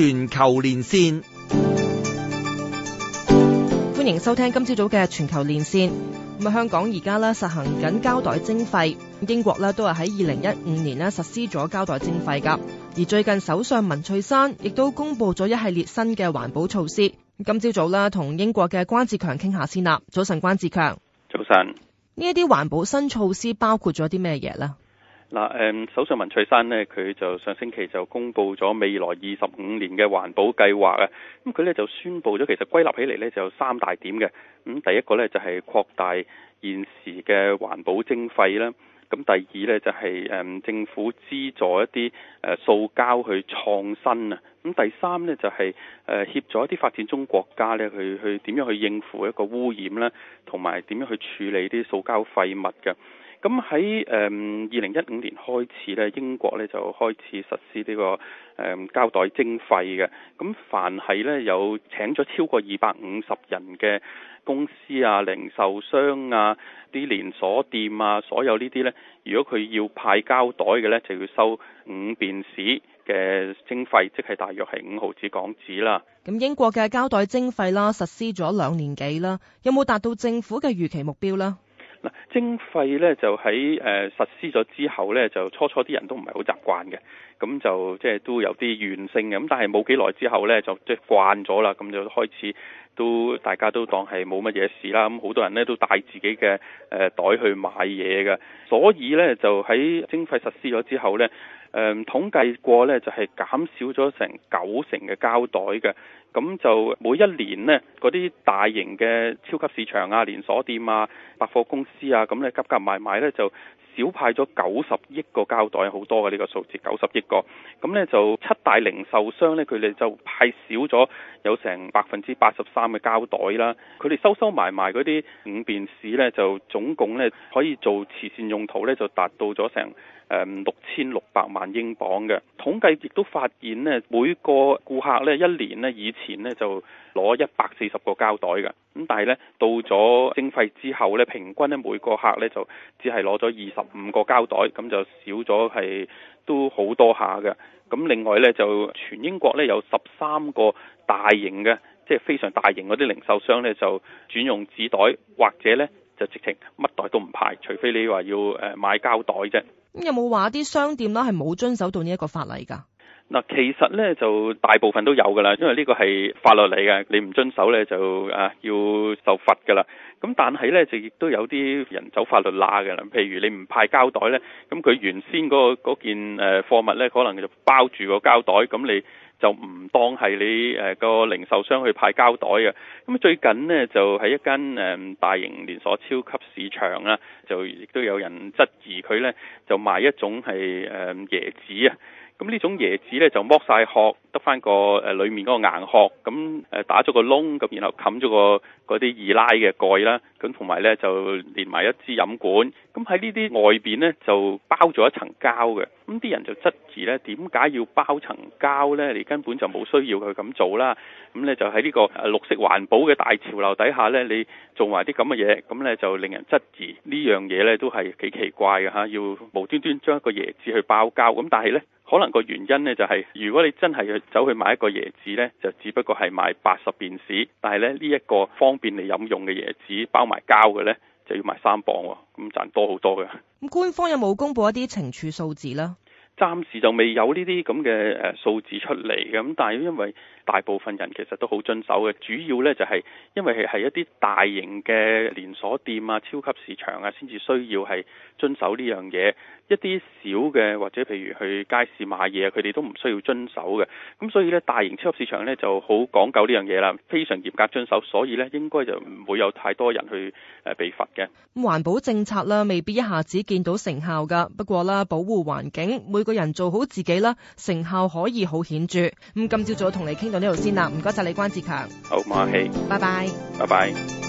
全球連線，歡迎收聽今朝早嘅全球連線。咁啊，香港而家咧實行緊膠袋徵費，英國咧都係喺二零一五年咧實施咗膠袋徵費噶。而最近首相文翠珊亦都公布咗一系列新嘅環保措施。今朝早咧同英國嘅關志強傾下先啦。早晨，關志強。早晨。呢一啲環保新措施包括咗啲咩嘢呢？嗱，誒首相文翠珊呢，佢就上星期就公布咗未來二十五年嘅環保計劃啊。咁佢咧就宣布咗，其實歸納起嚟咧就有三大點嘅。咁第一個咧就係擴大現時嘅環保徵費啦。咁第二咧就係誒政府資助一啲誒塑膠去創新啊。咁第三咧就係誒協助一啲發展中國家咧去去點樣去應付一個污染啦，同埋點樣去處理啲塑膠廢物嘅。咁喺誒二零一五年開始咧，英國咧就開始實施呢個誒膠袋徵費嘅。咁凡係咧有請咗超過二百五十人嘅公司啊、零售商啊、啲連鎖店啊，所有呢啲咧，如果佢要派膠袋嘅咧，就要收五便士嘅徵費，即係大約係五毫子港紙啦。咁英國嘅膠袋徵費啦，實施咗兩年幾啦，有冇達到政府嘅預期目標呢？徵費呢，就喺誒、呃、實施咗之後呢，就初初啲人都唔係好習慣嘅，咁就即係都有啲怨聲嘅。咁但係冇幾耐之後呢，就即係慣咗啦，咁就開始都大家都當係冇乜嘢事啦。咁好多人呢，都帶自己嘅誒、呃、袋去買嘢嘅，所以呢，就喺徵費實施咗之後呢。誒、嗯、統計過咧，就係、是、減少咗成九成嘅膠袋嘅，咁就每一年咧，嗰啲大型嘅超級市場啊、連鎖店啊、百貨公司啊，咁咧急急埋埋咧就。少派咗九十億個膠袋，好多嘅呢、呢個數字，九十億個。咁呢就七大零售商呢，佢哋就派少咗有成百分之八十三嘅膠袋啦。佢哋收收埋埋嗰啲五便士，呢就總共呢可以做慈善用途呢就達到咗成誒六千六百萬英鎊嘅。統計亦都發現呢每個顧客呢一年呢以前呢就攞一百四十個膠袋嘅，咁但係到咗徵費之後呢平均呢每個客呢就只係攞咗二十五個膠袋，咁就少咗係都好多下嘅。咁另外呢就全英國呢有十三個大型嘅，即係非常大型嗰啲零售商呢就轉用紙袋或者呢。就直情乜袋都唔派，除非你話要誒買膠袋啫。咁有冇話啲商店啦係冇遵守到呢一個法例噶？嗱，其實咧就大部分都有噶啦，因為呢個係法律嚟嘅，你唔遵守咧就誒要受罰噶啦。咁但係呢，就亦都有啲人走法律罅嘅啦。譬如你唔派膠袋呢，咁佢原先嗰嗰件誒貨物呢，可能就包住個膠袋，咁你就唔當係你誒、個零售商去派膠袋㗎。咁最近呢，就係一間誒、嗯、大型連鎖超級市場啦，就亦都有人質疑佢呢，就賣一種係誒、嗯、椰子啊。咁呢種椰子咧就剝晒殼，得翻個誒裏面嗰個硬殼，咁誒打咗個窿，咁然後冚咗個嗰啲易拉嘅蓋啦，咁同埋咧就連埋一支飲管，咁喺呢啲外面咧就包咗一層膠嘅，咁啲人就質疑咧點解要包層膠咧？你根本就冇需要佢咁做啦。咁咧就喺呢個誒綠色環保嘅大潮流底下咧，你做埋啲咁嘅嘢，咁咧就令人質疑樣呢樣嘢咧都係幾奇怪嘅吓，要無端端將一個椰子去包膠，咁但係咧。可能個原因咧就係、是，如果你真係去走去買一個椰子咧，就只不過係買八十便士，但係咧呢一個方便你飲用嘅椰子包埋膠嘅咧，就要賣三磅喎，咁賺多好多嘅。咁官方有冇公布一啲懲處數字啦？暫時就未有呢啲咁嘅誒數字出嚟嘅，咁但係因為大部分人其實都好遵守嘅，主要呢就係因為係一啲大型嘅連鎖店啊、超級市場啊先至需要係遵守呢樣嘢，一啲小嘅或者譬如去街市買嘢，佢哋都唔需要遵守嘅。咁所以呢，大型超級市場呢就好講究呢樣嘢啦，非常嚴格遵守，所以呢，應該就唔會有太多人去誒被罰嘅。環保政策啦，未必一下子見到成效㗎。不過啦，保護環境每個人做好自己啦，成效可以好顯著。咁今朝早同你傾到呢度先啦，唔該晒你，關志強。好，唔客氣。拜拜。拜拜 bye。Bye bye